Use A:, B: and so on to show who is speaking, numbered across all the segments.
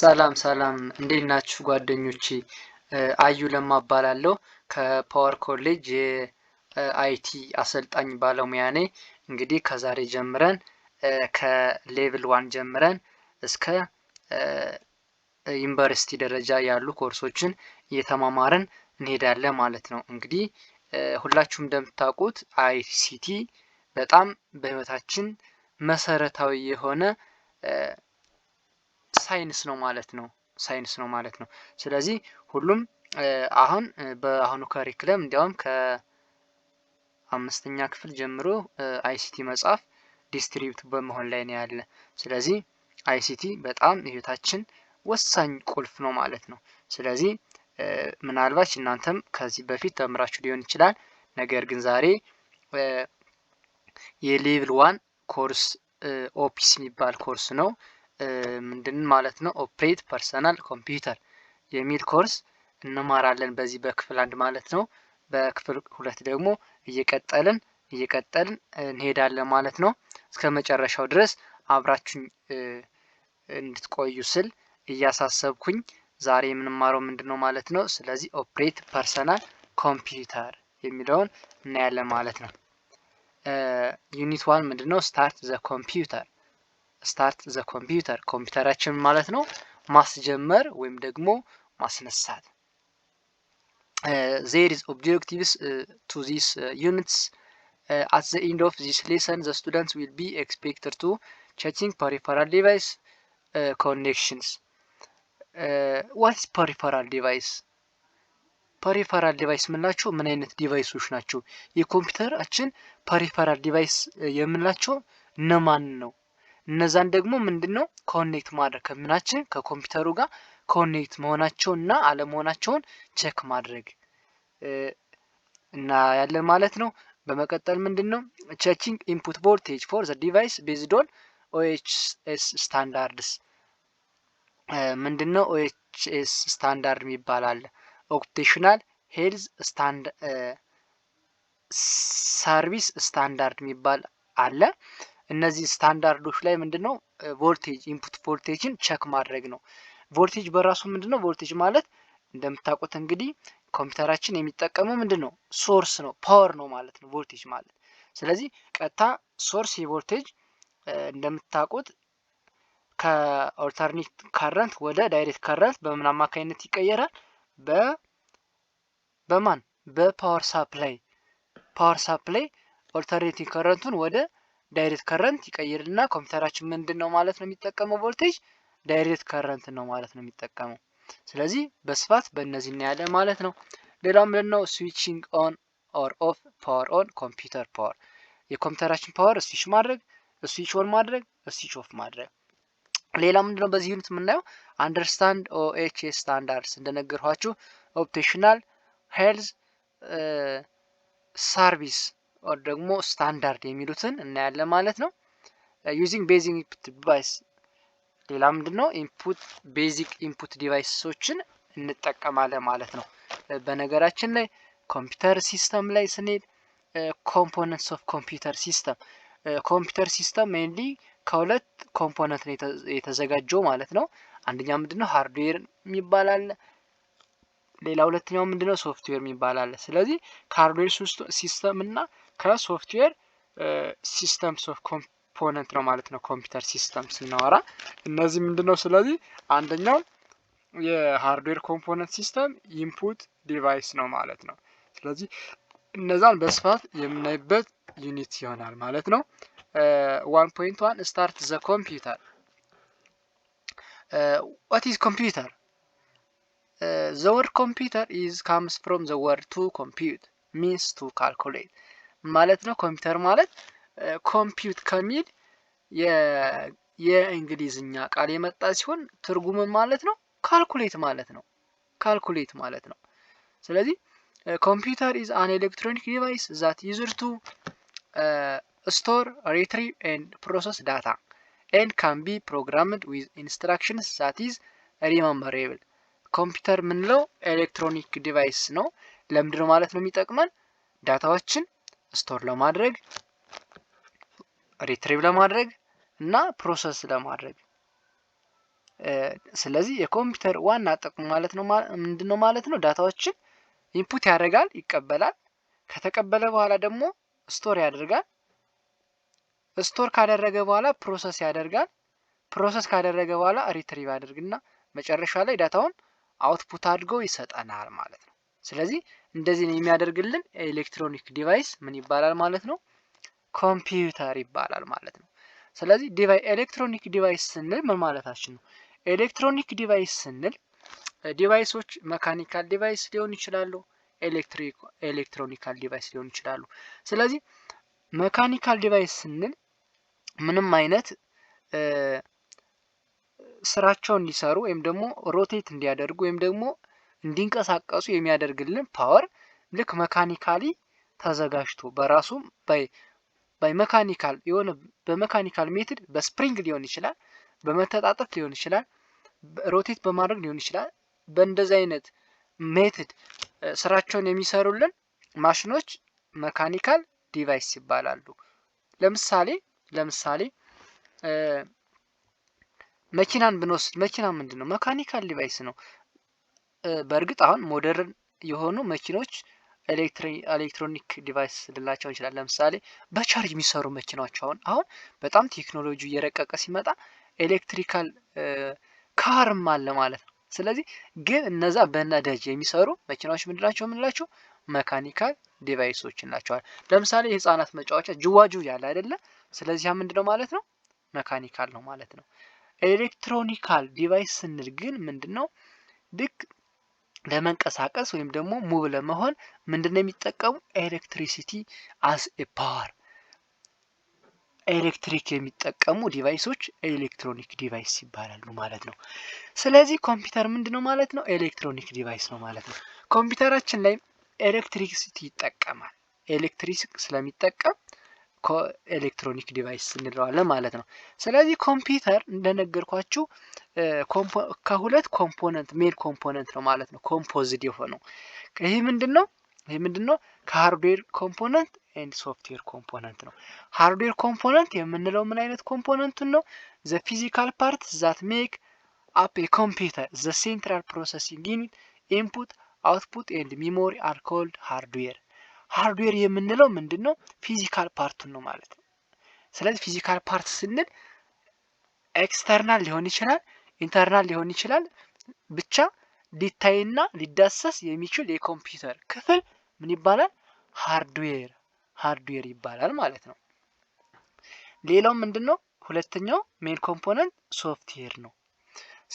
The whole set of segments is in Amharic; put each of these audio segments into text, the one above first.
A: ሰላም ሰላም እንዴት ናችሁ ጓደኞቼ? አዩ ለማ እባላለሁ ከፓወር ኮሌጅ የአይቲ አሰልጣኝ ባለሙያ ነኝ። እንግዲህ ከዛሬ ጀምረን ከሌቭል ዋን ጀምረን እስከ ዩኒቨርሲቲ ደረጃ ያሉ ኮርሶችን እየተማማርን እንሄዳለን ማለት ነው። እንግዲህ ሁላችሁም እንደምታውቁት አይሲቲ በጣም በህይወታችን መሰረታዊ የሆነ ሳይንስ ነው ማለት ነው። ሳይንስ ነው ማለት ነው። ስለዚህ ሁሉም አሁን በአሁኑ ከሪክለም እንዲያውም ከአምስተኛ ክፍል ጀምሮ አይሲቲ መጽሐፍ ዲስትሪቢዩት በመሆን ላይ ነው ያለ። ስለዚህ አይሲቲ በጣም ህይወታችን ወሳኝ ቁልፍ ነው ማለት ነው። ስለዚህ ምናልባት እናንተም ከዚህ በፊት ተምራችሁ ሊሆን ይችላል። ነገር ግን ዛሬ የሌቭል ዋን ኮርስ ኦፒስ የሚባል ኮርስ ነው። ምንድን ማለት ነው ኦፕሬት ፐርሰናል ኮምፒውተር የሚል ኮርስ እንማራለን በዚህ በክፍል አንድ ማለት ነው። በክፍል ሁለት ደግሞ እየቀጠልን እየቀጠልን እንሄዳለን ማለት ነው። እስከ መጨረሻው ድረስ አብራችሁኝ እንድትቆዩ ስል እያሳሰብኩኝ ዛሬ የምንማረው ምንድን ነው ማለት ነው። ስለዚህ ኦፕሬት ፐርሰናል ኮምፒውተር የሚለውን እናያለን ማለት ነው። ዩኒት ዋን ምንድን ነው? ስታርት ዘ ኮምፒውተር ስታርት ዘ ኮምፒውተር ኮምፒውተራችን ማለት ነው ማስጀመር ወይም ደግሞ ማስነሳት። ዜር ኢዝ ኦብጀክቲቭስ ቱ ዚስ ዩኒትስ አት ዘ ኢንድ ኦፍ ዚስ ሌሰን ዘ ስቱደንትስ ዊል ቢ ኤክስፔክትድ ቱ ቼኪንግ ፐሪፈራል ዲቫይስ ኮኔክሽንስ ዋትስ ፐሪፈራል ዲቫይስ ፐሪፈራል ዲቫይስ የምንላቸው ምን አይነት ዲቫይሶች ናቸው? የኮምፒውተራችን ፐሪፈራል ዲቫይስ የምንላቸው እነማን ነው? እነዛን ደግሞ ምንድን ነው ኮኔክት ማድረግ ከምናችን ከኮምፒውተሩ ጋር ኮኔክት መሆናቸውን እና አለመሆናቸውን ቼክ ማድረግ እና ያለን ማለት ነው። በመቀጠል ምንድን ነው ቼኪንግ ኢንፑት ቮልቴጅ ፎር ዘ ዲቫይስ ቤዝድ ኦን ኦኤችኤስ ስታንዳርድስ ምንድን ነው ኦኤችኤስ ስታንዳርድ ይባላል። ኦኩፔሽናል ሄልዝ ሰርቪስ ስታንዳርድ የሚባል አለ። እነዚህ ስታንዳርዶች ላይ ምንድነው ቮልቴጅ ኢንፑት ቮልቴጅን ቸክ ማድረግ ነው። ቮልቴጅ በራሱ ነው? ቮልቴጅ ማለት እንደምታውቁት እንግዲህ ኮምፒውተራችን የሚጠቀመው ምንድነው? ሶርስ ነው፣ ፓወር ነው ማለት ነው ቮልቴጅ ማለት። ስለዚህ ቀጥታ ሶርስ የቮልቴጅ እንደምታውቁት ከኦልተርኔት ካረንት ወደ ዳይሬክት ካረንት በምን አማካኝነት ይቀየራል? በ በማን በፓወር ሳፕላይ ፓወር ሳፕላይ ኦልተርኔቲቭ ከረንቱን ወደ ዳይሬክት ከረንት ይቀይርልና ኮምፒውተራችን ምንድን ነው ማለት ነው የሚጠቀመው ቮልቴጅ ዳይሬክት ከረንት ነው ማለት ነው የሚጠቀመው። ስለዚህ በስፋት በእነዚህ እናያለን ማለት ነው። ሌላው ምንድነው ስዊችንግ ኦን ኦር ኦፍ ፓወር ኦን ኮምፒውተር ፓወር የኮምፒውተራችን ፓወር ስዊች ማድረግ፣ ስዊች ኦን ማድረግ፣ ስዊች ኦፍ ማድረግ። ሌላ ምንድነው በዚህ ዩኒት የምናየው አንደርስታንድ ኦኤችኤስ ስታንዳርድስ እንደነገርኋችሁ ኦፕቴሽናል ሄልዝ ሰርቪስ ኦር ደግሞ ስታንዳርድ የሚሉትን እናያለን ማለት ነው። ዩዚንግ ቤዚክ ኢንፑት ዲቫይስ ሌላ ምንድን ነው? ኢንፑት ቤዚክ ኢንፑት ዲቫይሶችን እንጠቀማለን ማለት ነው። uh, በነገራችን ላይ ኮምፒውተር ሲስተም ላይ ስንሄድ ኮምፖነንትስ ኦፍ ኮምፒውተር ሲስተም ኮምፒውተር ሲስተም ሜንሊ ከሁለት ኮምፖነንት ነው የተዘጋጀው ማለት ነው። አንደኛ ምንድነው ሃርድዌር የሚባላል፣ ሌላ ሁለተኛው ምንድነው ሶፍትዌር የሚባላል። ስለዚህ ከሃርድዌር ሲስተም እና ከሶፍትዌር ሲስተምስ ኦፍ ኮምፖነንት ነው ማለት ነው። ኮምፒውተር ሲስተም ስናወራ እነዚህ ምንድን ነው? ስለዚህ አንደኛው የሃርድዌር ኮምፖነንት ሲስተም ኢንፑት ዲቫይስ ነው ማለት ነው። ስለዚህ እነዛን በስፋት የምናይበት ዩኒት ይሆናል ማለት ነው። ዋን ፖይንት ዋን ስታርት ዘ ኮምፒውተር ዋት ኢዝ ኮምፒውተር ዘ ወርድ ኮምፒውተር ኢዝ ካምስ ፍሮም ዘ ወርድ ቱ ኮምፒዩት ሚንስ ቱ ካልኩሌት ማለት ነው። ኮምፒውተር ማለት ኮምፒውት ከሚል የእንግሊዝኛ ቃል የመጣ ሲሆን ትርጉምን ማለት ነው ካልኩሌት ማለት ነው። ካልኩሌት ማለት ነው። ስለዚህ ኮምፒውተር ኢዝ አን ኤሌክትሮኒክ ዲቫይስ ዛት ዩዘር ቱ ስቶር ሪትሪቭ ኤንድ ፕሮሰስ ዳታ ኤንድ ካን ቢ ፕሮግራምድ ዊዝ ኢንስትራክሽንስ ዛት ኢዝ ሪመምበሬብል። ኮምፒውተር የምንለው ኤሌክትሮኒክ ዲቫይስ ነው። ለምንድነው ማለት ነው የሚጠቅመን ዳታዎችን ስቶር ለማድረግ ሪትሪቭ ለማድረግ እና ፕሮሰስ ለማድረግ ስለዚህ የኮምፒውተር ዋና ጥቅሙ ማለት ነው ምንድን ነው ማለት ነው ዳታዎችን ኢንፑት ያደርጋል ይቀበላል ከተቀበለ በኋላ ደግሞ ስቶር ያደርጋል ስቶር ካደረገ በኋላ ፕሮሰስ ያደርጋል ፕሮሰስ ካደረገ በኋላ ሪትሪቭ ያደርግና መጨረሻ ላይ ዳታውን አውትፑት አድርጎ ይሰጠናል ማለት ነው ስለዚህ እንደዚህ የሚያደርግልን ኤሌክትሮኒክ ዲቫይስ ምን ይባላል ማለት ነው? ኮምፒውተር ይባላል ማለት ነው። ስለዚህ ዲቫይ ኤሌክትሮኒክ ዲቫይስ ስንል ምን ማለታችን ነው? ኤሌክትሮኒክ ዲቫይስ ስንል ዲቫይሶች መካኒካል ዲቫይስ ሊሆን ይችላሉ፣ ኤሌክትሪክ ኤሌክትሮኒካል ዲቫይስ ሊሆን ይችላሉ። ስለዚህ መካኒካል ዲቫይስ ስንል ምንም አይነት ስራቸውን እንዲሰሩ ወይም ደግሞ ሮቴት እንዲያደርጉ ወይም ደግሞ እንዲንቀሳቀሱ የሚያደርግልን ፓወር ልክ መካኒካሊ ተዘጋጅቶ በራሱ መካኒካል የሆነ በመካኒካል ሜትድ በስፕሪንግ ሊሆን ይችላል፣ በመተጣጠፍ ሊሆን ይችላል፣ ሮቴት በማድረግ ሊሆን ይችላል። በእንደዚህ አይነት ሜትድ ስራቸውን የሚሰሩልን ማሽኖች መካኒካል ዲቫይስ ይባላሉ። ለምሳሌ ለምሳሌ መኪናን ብንወስድ መኪና ምንድን ነው? መካኒካል ዲቫይስ ነው። በእርግጥ አሁን ሞደርን የሆኑ መኪኖች ኤሌክትሮኒክ ዲቫይስ ልላቸው እንችላለን። ለምሳሌ በቻርጅ የሚሰሩ መኪናዎች አሁን አሁን በጣም ቴክኖሎጂ እየረቀቀ ሲመጣ ኤሌክትሪካል ካርም አለ ማለት ነው። ስለዚህ ግን እነዛ በነዳጅ የሚሰሩ መኪናዎች ምንድናቸው የምንላቸው መካኒካል ዲቫይሶች እንላቸዋል። ለምሳሌ የህፃናት መጫወቻ ጅዋጁ ያለ አይደለ? ስለዚህ ያ ምንድነው ማለት ነው መካኒካል ነው ማለት ነው። ኤሌክትሮኒካል ዲቫይስ ስንል ግን ምንድን ነው ልክ ለመንቀሳቀስ ወይም ደግሞ ሙብ ለመሆን ምንድን ነው የሚጠቀሙ? ኤሌክትሪሲቲ አስ ኤ ፓወር ኤሌክትሪክ የሚጠቀሙ ዲቫይሶች ኤሌክትሮኒክ ዲቫይስ ይባላሉ ማለት ነው። ስለዚህ ኮምፒውተር ምንድን ነው ማለት ነው? ኤሌክትሮኒክ ዲቫይስ ነው ማለት ነው። ኮምፒውተራችን ላይ ኤሌክትሪክሲቲ ይጠቀማል። ኤሌክትሪክ ስለሚጠቀም ኤሌክትሮኒክ ዲቫይስ እንለዋለን ማለት ነው። ስለዚህ ኮምፒውተር እንደነገርኳችሁ ከሁለት ኮምፖነንት ሜን ኮምፖነንት ነው ማለት ነው ኮምፖዝድ የሆነው ይህ ምንድን ነው? ይህ ምንድን ነው? ከሃርድዌር ኮምፖነንት ኤንድ ሶፍትዌር ኮምፖነንት ነው። ሃርድዌር ኮምፖነንት የምንለው ምን አይነት ኮምፖነንቱን ነው? ዘ ፊዚካል ፓርት ዛት ሜክ አፕ ኤ ኮምፒውተር ዘ ሴንትራል ፕሮሰሲንግ ኢንፑት አውትፑት ኤንድ ሚሞሪ አር ኮልድ ሃርድዌር ሃርድዌር የምንለው ምንድን ነው? ፊዚካል ፓርቱን ነው ማለት ነው። ስለዚህ ፊዚካል ፓርት ስንል ኤክስተርናል ሊሆን ይችላል፣ ኢንተርናል ሊሆን ይችላል። ብቻ ሊታይና ሊዳሰስ የሚችል የኮምፒውተር ክፍል ምን ይባላል? ሃርድዌር ሃርድዌር ይባላል ማለት ነው። ሌላው ምንድን ነው? ሁለተኛው ሜን ኮምፖነንት ሶፍትዌር ነው።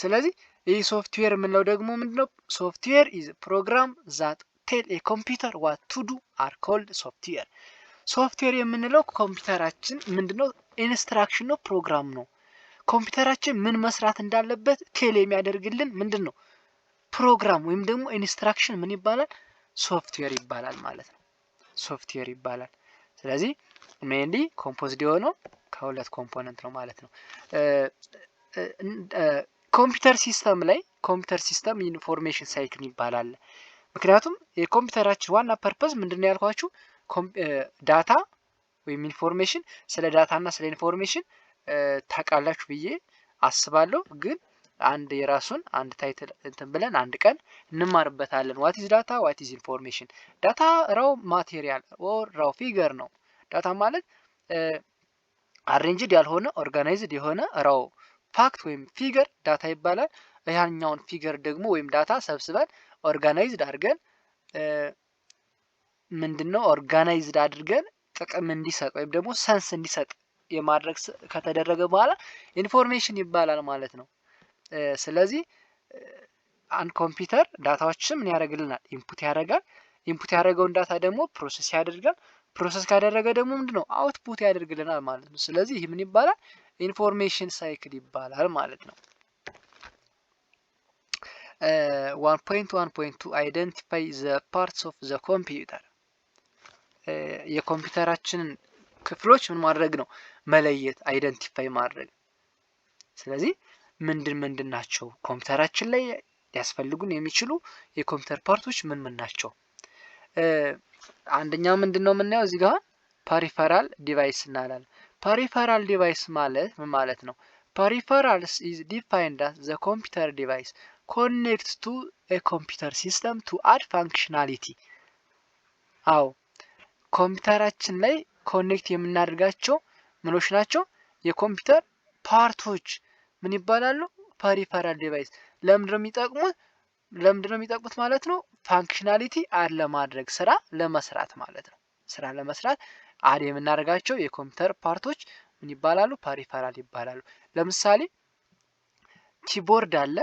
A: ስለዚህ ይህ ሶፍትዌር የምንለው ደግሞ ምንድነው? ሶፍትዌር ኢዝ ፕሮግራም ዛት ቴል የኮምፒውተር ዋት ቱ ዱ አር ኮልድ ሶፍትዌር። ሶፍትዌር የምንለው ኮምፒውተራችን ምንድነው ኢንስትራክሽን ነው ፕሮግራም ነው። ኮምፒውተራችን ምን መስራት እንዳለበት ቴል የሚያደርግልን ምንድን ነው ፕሮግራም ወይም ደግሞ ኢንስትራክሽን ምን ይባላል? ሶፍትዌር ይባላል ማለት ነው። ሶፍትዌር ይባላል። ስለዚህ ሜንሊ ኮምፖዝድ የሆነው ከሁለት ኮምፖነንት ነው ማለት ነው። ኮምፒውተር ሲስተም ላይ ኮምፒውተር ሲስተም ኢንፎርሜሽን ሳይክል ይባላል። ምክንያቱም የኮምፒውተራችን ዋና ፐርፐዝ ምንድን ነው ያልኳችሁ ዳታ ወይም ኢንፎርሜሽን ስለ ዳታና ስለ ኢንፎርሜሽን ታውቃላችሁ ብዬ አስባለሁ። ግን አንድ የራሱን አንድ ታይትል እንትን ብለን አንድ ቀን እንማርበታለን። ዋት ኢዝ ዳታ፣ ዋት ኢዝ ኢንፎርሜሽን። ዳታ ራው ማቴሪያል ኦር ራው ፊገር ነው። ዳታ ማለት አሬንጅድ ያልሆነ ኦርጋናይዝድ የሆነ ራው ፋክት ወይም ፊገር ዳታ ይባላል። ያኛውን ፊገር ደግሞ ወይም ዳታ ሰብስበን ኦርጋናይዝድ አድርገን ምንድን ነው ኦርጋናይዝድ አድርገን ጥቅም እንዲሰጥ ወይም ደግሞ ሰንስ እንዲሰጥ የማድረግ ከተደረገ በኋላ ኢንፎርሜሽን ይባላል ማለት ነው። ስለዚህ አንድ ኮምፒውተር ዳታዎችን ምን ያደርግልናል? ኢንፑት ያደርጋል። ኢንፑት ያደረገውን ዳታ ደግሞ ፕሮሰስ ያደርጋል። ፕሮሰስ ካደረገ ደግሞ ምንድን ነው አውትፑት ያደርግልናል ማለት ነው። ስለዚህ ይህ ምን ይባላል? ኢንፎርሜሽን ሳይክል ይባላል ማለት ነው። 1.1.2 አይደንቲፋይ ዘ ፓርትስ ኦፍ ዘ ኮምፒውተር የኮምፒውተራችንን ክፍሎች ምን ማድረግ ነው መለየት አይደንቲፋይ ማድረግ ስለዚህ ምንድን ምንድን ናቸው ኮምፒውተራችን ላይ ሊያስፈልጉን የሚችሉ የኮምፒውተር ፓርቶች ምን ምን ናቸው uh, አንደኛው ምንድን ነው የምናየው እዚህ ጋር ፓሪፈራል ዲቫይስ እናላለን ፓሪፈራል ዲቫይስ ማለት ምን ማለት ነው ፓሪፈራልስ ኢዝ ዲፋይንድ ዘ ኮምፒውተር ዲቫይስ ኮኔክት ቱ ኮምፒውተር ሲስተም ቱ አድ ፋንክሽናሊቲ። አዎ ኮምፒውተራችን ላይ ኮኔክት የምናደርጋቸው ምኖች ናቸው የኮምፒውተር ፓርቶች ምን ይባላሉ? ፐሪፈራል ዲቫይስ። ለምንድነው የሚጠቅሙት? ለምንድነው የሚጠቅሙት ማለት ነው ፋንክሽናሊቲ አድ ለማድረግ ስራ ለመስራት ማለት ነው። ስራ ለመስራት አድ የምናደርጋቸው የኮምፒውተር ፓርቶች ምን ይባላሉ? ፐሪፈራል ይባላሉ። ለምሳሌ ኪቦርድ አለ።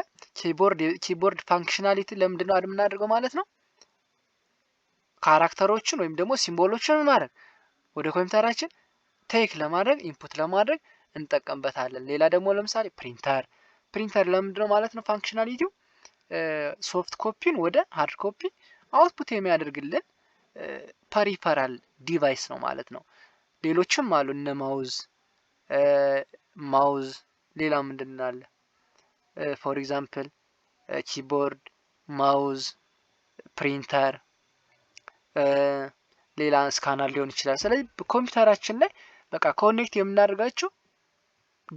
A: ኪቦርድ ፋንክሽናሊቲ ለምንድን ነው አድ የምናደርገው ማለት ነው? ካራክተሮችን ወይም ደግሞ ሲምቦሎችን ማድረግ ወደ ኮምፒውተራችን ቴክ ለማድረግ ኢንፑት ለማድረግ እንጠቀምበታለን። ሌላ ደግሞ ለምሳሌ ፕሪንተር ፕሪንተር ለምንድን ነው ማለት ነው ፋንክሽናሊቲው ሶፍት ኮፒን ወደ ሃርድ ኮፒ አውትፑት የሚያደርግልን ፐሪፈራል ዲቫይስ ነው ማለት ነው። ሌሎችም አሉ እነ ማውዝ ማውዝ ሌላ ምንድን አለ ፎር ኤግዛምፕል ኪቦርድ፣ ማውዝ፣ ፕሪንተር፣ ሌላ ስካነር ሊሆን ይችላል። ስለዚህ ኮምፒውተራችን ላይ በቃ ኮኔክት የምናደርጋቸው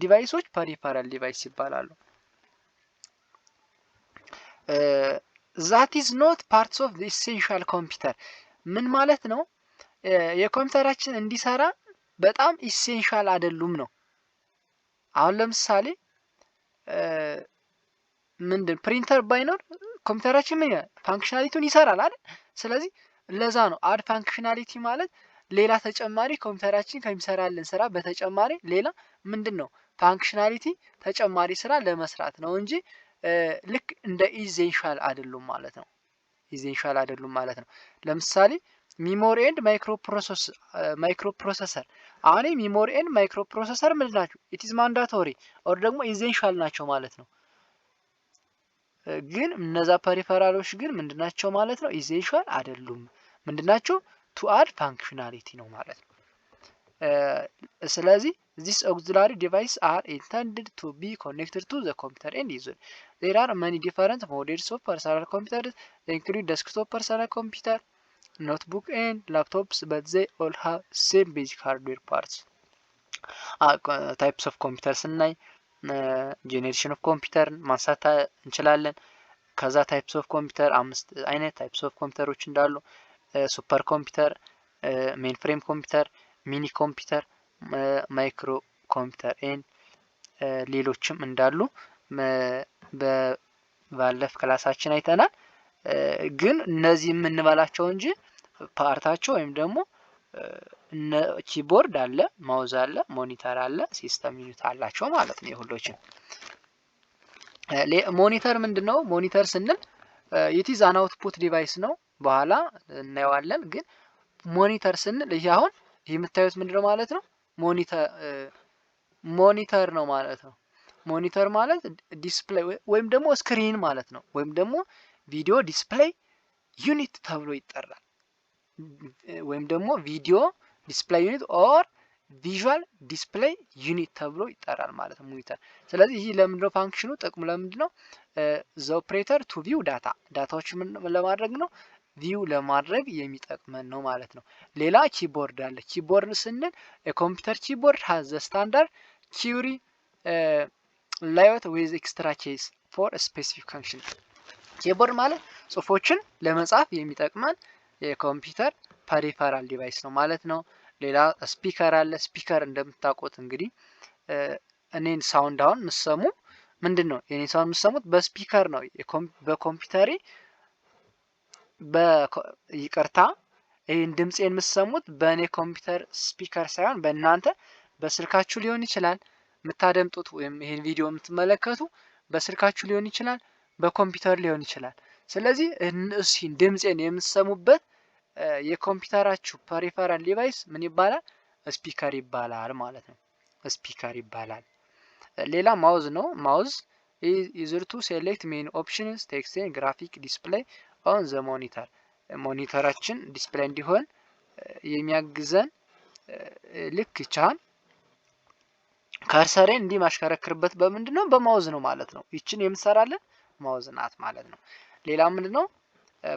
A: ዲቫይሶች ፐሪፈራል ዲቫይስ ይባላሉ። ዛት ኢዝ ኖት ፓርትስ ኦፍ ኢሴንሻል ኮምፒውተር ምን ማለት ነው? Eh, የኮምፒውተራችን እንዲሰራ በጣም ኢሴንሻል አይደሉም ነው። አሁን ለምሳሌ ምንድን ፕሪንተር ባይኖር ኮምፒውተራችን ምን ይላል ፋንክሽናሊቲውን ይሰራል አይደል? ስለዚህ ለዛ ነው አድ ፋንክሽናሊቲ ማለት ሌላ ተጨማሪ ኮምፒውተራችን ከሚሰራልን ስራ በተጨማሪ ሌላ ምንድን ነው ፋንክሽናሊቲ ተጨማሪ ስራ ለመስራት ነው እንጂ ልክ እንደ ኢዜንሻል አይደሉም ማለት ነው። ኢዜንሻል አይደሉም ማለት ነው። ለምሳሌ ሚሞሪ ኤንድ ማይክሮፕሮሰሰር አሁን ሚሞሪ ኤንድ ማይክሮፕሮሰሰር ምንድን ናቸው? ኢትዝ ማንዳቶሪ ኦር ደግሞ ኢዜንሻል ናቸው ማለት ነው። ግን እነዛ ፐሪፈራሎች ግን ምንድናቸው ማለት ነው? ኢዜንሻል አይደሉም። ምንድናቸው? ቱ አድ ፋንክሽናሊቲ ነው ማለት ነው። ስለዚህ ዚስ ኦግዚላሪ ዲቫይስ አር ኢንተንድድ ቱ ቢ ኮኔክትድ ቱ ዘ ኮምፒውተር ኤንድ ዩዘር ዜር አር መኒ ዲፈረንት ሞዴልስ ኦፍ ፐርሰናል ኮምፒውተር ኢንክሉድ ደስክቶፕ ፐርሰናል ኮምፒውተር Notebook and laptops, but they all have same basic hardware parts. ታይፕስ ኦፍ ኮምፒውተር ስናይ ጄኔሬሽን ኦፍ ኮምፒውተር ማንሳት እንችላለን። ከዛ ታይፕስ ኦፍ ኮምፒውተር አምስት አይነት ታይፕስ ኦፍ ኮምፒውተሮች እንዳሉ ሱፐር ኮምፒውተር፣ ሜን ፍሬም ኮምፒውተር፣ ሚኒ ኮምፒውተር፣ ማይክሮ ኮምፒውተር ኤን ሌሎችም እንዳሉ በባለፍ ክላሳችን አይተናል። ግን እነዚህ የምንበላቸው እንጂ ፓርታቸው ወይም ደግሞ ኪቦርድ አለ፣ ማውዝ አለ፣ ሞኒተር አለ፣ ሲስተም ዩኒት አላቸው ማለት ነው። የሁሎችን ሞኒተር ምንድን ነው? ሞኒተር ስንል የቲዝ አን አውትፑት ዲቫይስ ነው። በኋላ እናየዋለን። ግን ሞኒተር ስንል ይህ አሁን ይህ የምታዩት ምንድነው ማለት ነው። ሞኒተር ነው ማለት ነው። ሞኒተር ማለት ዲስፕሌይ ወይም ደግሞ ስክሪን ማለት ነው። ወይም ደግሞ ቪዲዮ ዲስፕሌይ ዩኒት ተብሎ ይጠራል። ወይም ደግሞ ቪዲዮ ዲስፕሌይ ዩኒት ኦር ቪዥዋል ዲስፕሌይ ዩኒት ተብሎ ይጠራል ማለት ነው ሞኒተር። ስለዚህ ይህ ለምንድነው ፋንክሽኑ ጥቅሙ ለምንድነው ነው? ዘ ኦፕሬተር ቱ ቪው ዳታ ዳታዎች ለማድረግ ነው ቪው ለማድረግ የሚጠቅመን ነው ማለት ነው። ሌላ ኪቦርድ አለ። ኪቦርድ ስንል የኮምፒውተር ኪቦርድ ሀዘ ስታንዳርድ ኪሪ ላዮት ዊዝ ኤክስትራ ኬስ ፎር ስፔሲፊክ ፋንክሽን ኬቦርድ ማለት ጽሁፎችን ለመጻፍ የሚጠቅመን የኮምፒውተር ፐሪፈራል ዲቫይስ ነው ማለት ነው። ሌላ ስፒከር አለ። ስፒከር እንደምታውቁት እንግዲህ እኔን ሳውንድ አሁን ምሰሙ ምንድን ነው የኔ ሳውንድ የምሰሙት በስፒከር ነው። በኮምፒውተሬ በይቅርታ ይህን ድምፄ የምሰሙት በእኔ ኮምፒውተር ስፒከር ሳይሆን በእናንተ በስልካችሁ ሊሆን ይችላል የምታደምጡት ወይም ይህን ቪዲዮ የምትመለከቱ በስልካችሁ ሊሆን ይችላል። በኮምፒውተር ሊሆን ይችላል። ስለዚህ እሱን ድምፄን የምትሰሙበት የኮምፒውተራችሁ ፐሪፈራል ዲቫይስ ምን ይባላል? ስፒከር ይባላል ማለት ነው። ስፒከር ይባላል። ሌላ ማውዝ ነው። ማውዝ ይዝርቱ ሴሌክት ሜን ኦፕሽንስ ቴክስቴን ግራፊክ ዲስፕሌይ ኦን ዘ ሞኒተር ሞኒተራችን ዲስፕሌይ እንዲሆን የሚያግዘን ልክ ይቻል ከርሰሬን እንዲህ ማሽከረክርበት በምንድን ነው? በማውዝ ነው ማለት ነው። ይችን የምሰራለን ማውዝ ናት ማለት ነው። ሌላ ምንድ ነው?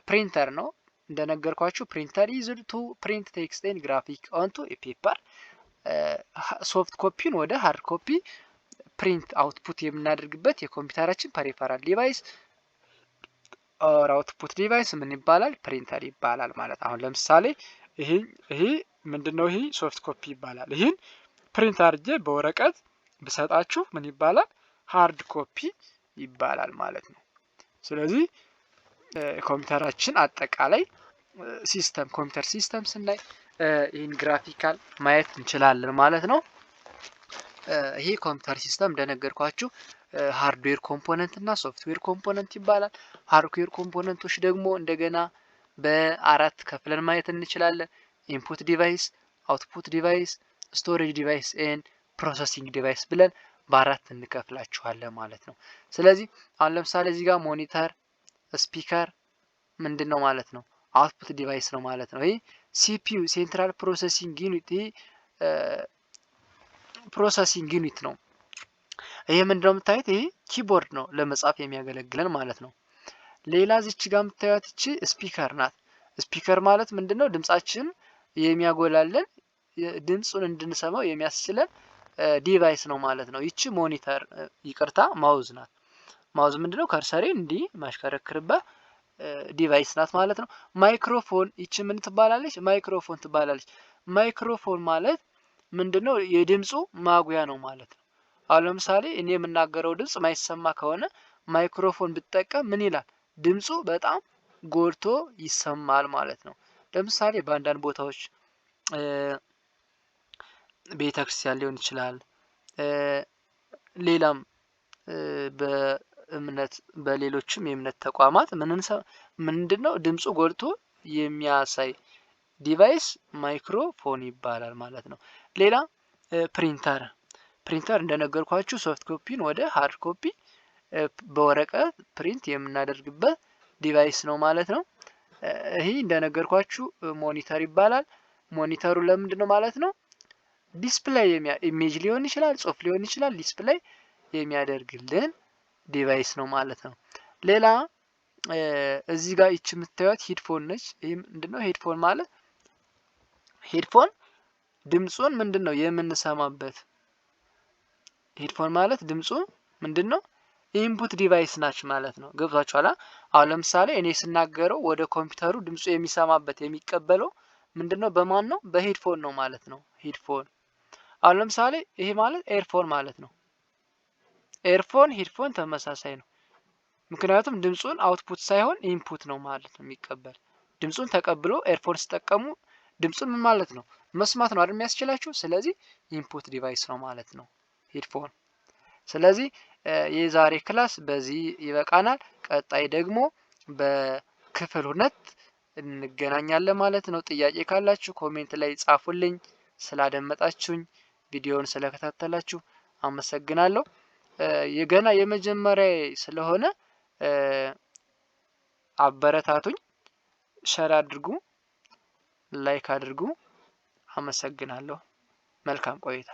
A: ፕሪንተር ነው እንደነገርኳችሁ ፕሪንተር ኢዝ ቱ ፕሪንት ቴክስቴን ግራፊክ ኦንቱ ፔፐር ሶፍት ኮፒን ወደ ሀርድ ኮፒ ፕሪንት አውትፑት የምናደርግበት የኮምፒውተራችን ፐሪፈራል ዲቫይስ ኦር አውትፑት ዲቫይስ ምን ይባላል? ፕሪንተር ይባላል ማለት አሁን ለምሳሌ ይሄ ይሄ ምንድን ነው? ይሄ ሶፍት ኮፒ ይባላል። ይህን ፕሪንት አድርጌ በወረቀት ብሰጣችሁ ምን ይባላል? ሀርድ ኮፒ ይባላል ማለት ነው። ስለዚህ ኮምፒውተራችን አጠቃላይ ሲስተም ኮምፒውተር ሲስተም ስናይ ይህን ግራፊካል ማየት እንችላለን ማለት ነው። ይሄ ኮምፒውተር ሲስተም እንደነገርኳችሁ ሃርድዌር ኮምፖነንት እና ሶፍትዌር ኮምፖነንት ይባላል። ሃርድዌር ኮምፖነንቶች ደግሞ እንደገና በአራት ከፍለን ማየት እንችላለን። ኢንፑት ዲቫይስ፣ አውትፑት ዲቫይስ፣ ስቶሬጅ ዲቫይስ ኤን ፕሮሰሲንግ ዲቫይስ ብለን በአራት እንከፍላችኋለን ማለት ነው። ስለዚህ አሁን ለምሳሌ እዚህ ጋር ሞኒተር ስፒከር ምንድን ነው ማለት ነው? አውትፑት ዲቫይስ ነው ማለት ነው። ይህ ሲፒዩ ሴንትራል ፕሮሰሲንግ ዩኒት ይህ ፕሮሰሲንግ ዩኒት ነው። ይህ ምንድነው የምታዩት? ይህ ኪቦርድ ነው ለመጻፍ የሚያገለግለን ማለት ነው። ሌላ ዚች ጋር የምታዩት እቺ ስፒከር ናት። ስፒከር ማለት ምንድነው ድምጻችን የሚያጎላለን ድምፁን እንድንሰማው የሚያስችለን ዲቫይስ ነው ማለት ነው። ይቺ ሞኒተር ይቅርታ ማውዝ ናት። ማውዝ ምንድነው? ከርሰሬ እንዲህ ማሽከረክርበት ዲቫይስ ናት ማለት ነው። ማይክሮፎን ይቺ ምን ትባላለች? ማይክሮፎን ትባላለች። ማይክሮፎን ማለት ምንድነው? የድምፁ ማጉያ ነው ማለት ነው። አሁን ለምሳሌ እኔ የምናገረው ድምፅ ማይሰማ ከሆነ ማይክሮፎን ብጠቀም ምን ይላል? ድምፁ በጣም ጎልቶ ይሰማል ማለት ነው። ለምሳሌ በአንዳንድ ቦታዎች ቤተ ክርስቲያን ሊሆን ይችላል። ሌላም በእምነት በሌሎችም የእምነት ተቋማት ምንድን ነው ድምፁ ጎልቶ የሚያሳይ ዲቫይስ ማይክሮፎን ይባላል ማለት ነው። ሌላ ፕሪንተር ፕሪንተር እንደነገርኳችሁ ሶፍት ኮፒን ወደ ሃርድ ኮፒ በወረቀት ፕሪንት የምናደርግበት ዲቫይስ ነው ማለት ነው። ይህ እንደነገርኳችሁ ሞኒተር ይባላል። ሞኒተሩ ለምንድን ነው ማለት ነው ዲስፕላይ ኢሜጅ ሊሆን ይችላል፣ ጽሁፍ ሊሆን ይችላል። ዲስፕላይ የሚያደርግልን ዲቫይስ ነው ማለት ነው። ሌላ እዚህ ጋር ይች የምታዩት ሄድፎን ነች። ይህ ምንድነው ሄድፎን ማለት ሄድፎን ድምፁን ምንድን ነው የምንሰማበት። ሄድፎን ማለት ድምፁ ምንድን ነው ኢንፑት ዲቫይስ ናች ማለት ነው። ገብቷችኋል? አሁን ለምሳሌ እኔ ስናገረው ወደ ኮምፒውተሩ ድምፁ የሚሰማበት የሚቀበለው ምንድን ነው? በማን ነው? በሄድፎን ነው ማለት ነው። ሄድፎን አሁን ለምሳሌ ይሄ ማለት ኤርፎን ማለት ነው። ኤርፎን ሂድፎን ተመሳሳይ ነው። ምክንያቱም ድምፁን አውትፑት ሳይሆን ኢንፑት ነው ማለት ነው የሚቀበል ድምፁን ተቀብሎ ኤርፎን ሲጠቀሙ ድምፁን ምን ማለት ነው መስማት ነው አይደል የሚያስችላችሁ። ስለዚህ ኢንፑት ዲቫይስ ነው ማለት ነው ሄድፎን። ስለዚህ የዛሬ ክላስ በዚህ ይበቃናል። ቀጣይ ደግሞ በክፍል ሁለት እንገናኛለን ማለት ነው። ጥያቄ ካላችሁ ኮሜንት ላይ ጻፉልኝ። ስላደመጣችሁኝ ቪዲዮውን ስለከታተላችሁ አመሰግናለሁ። የገና የመጀመሪያ ስለሆነ አበረታቱኝ፣ ሸር አድርጉ፣ ላይክ አድርጉ። አመሰግናለሁ። መልካም ቆይታ